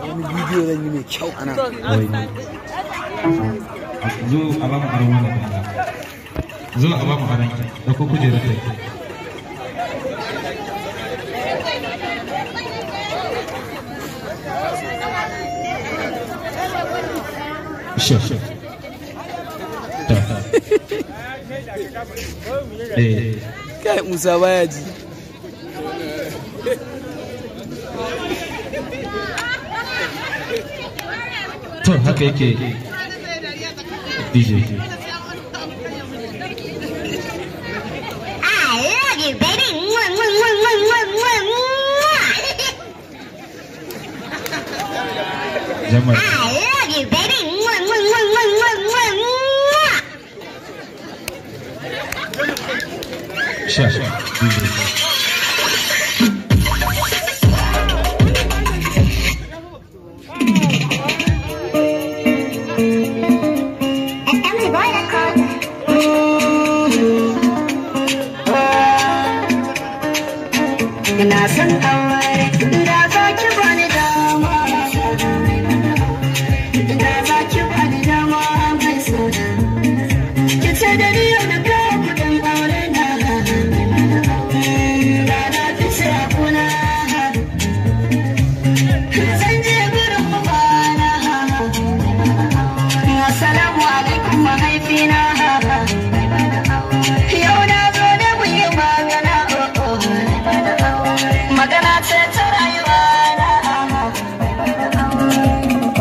wani bidiyo zan yi mai kyau ana zo a ba mu aron wani kwana zo a ba mu aron ki da ko kujera ta ki Sure, sure. Quer um zawadi? To ok yake DJ. Jama'a. That's what you bani dama Dura za ki bani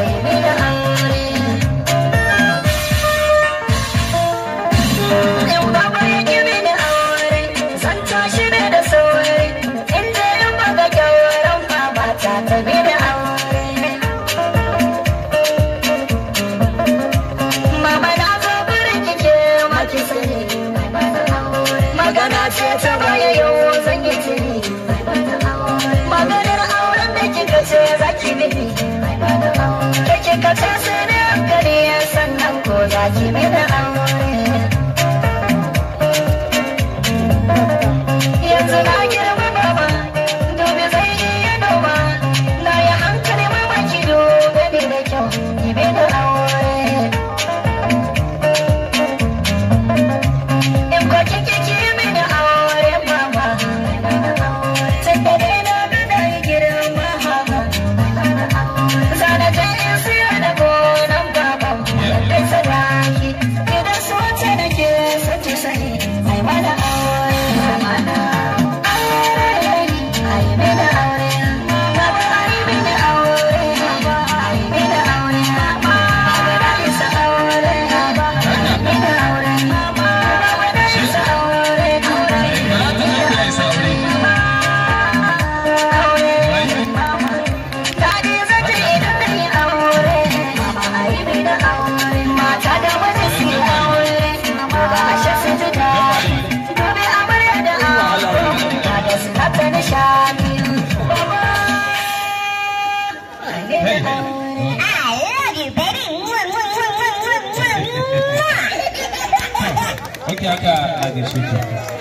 Thank you. Give me aka a gaishe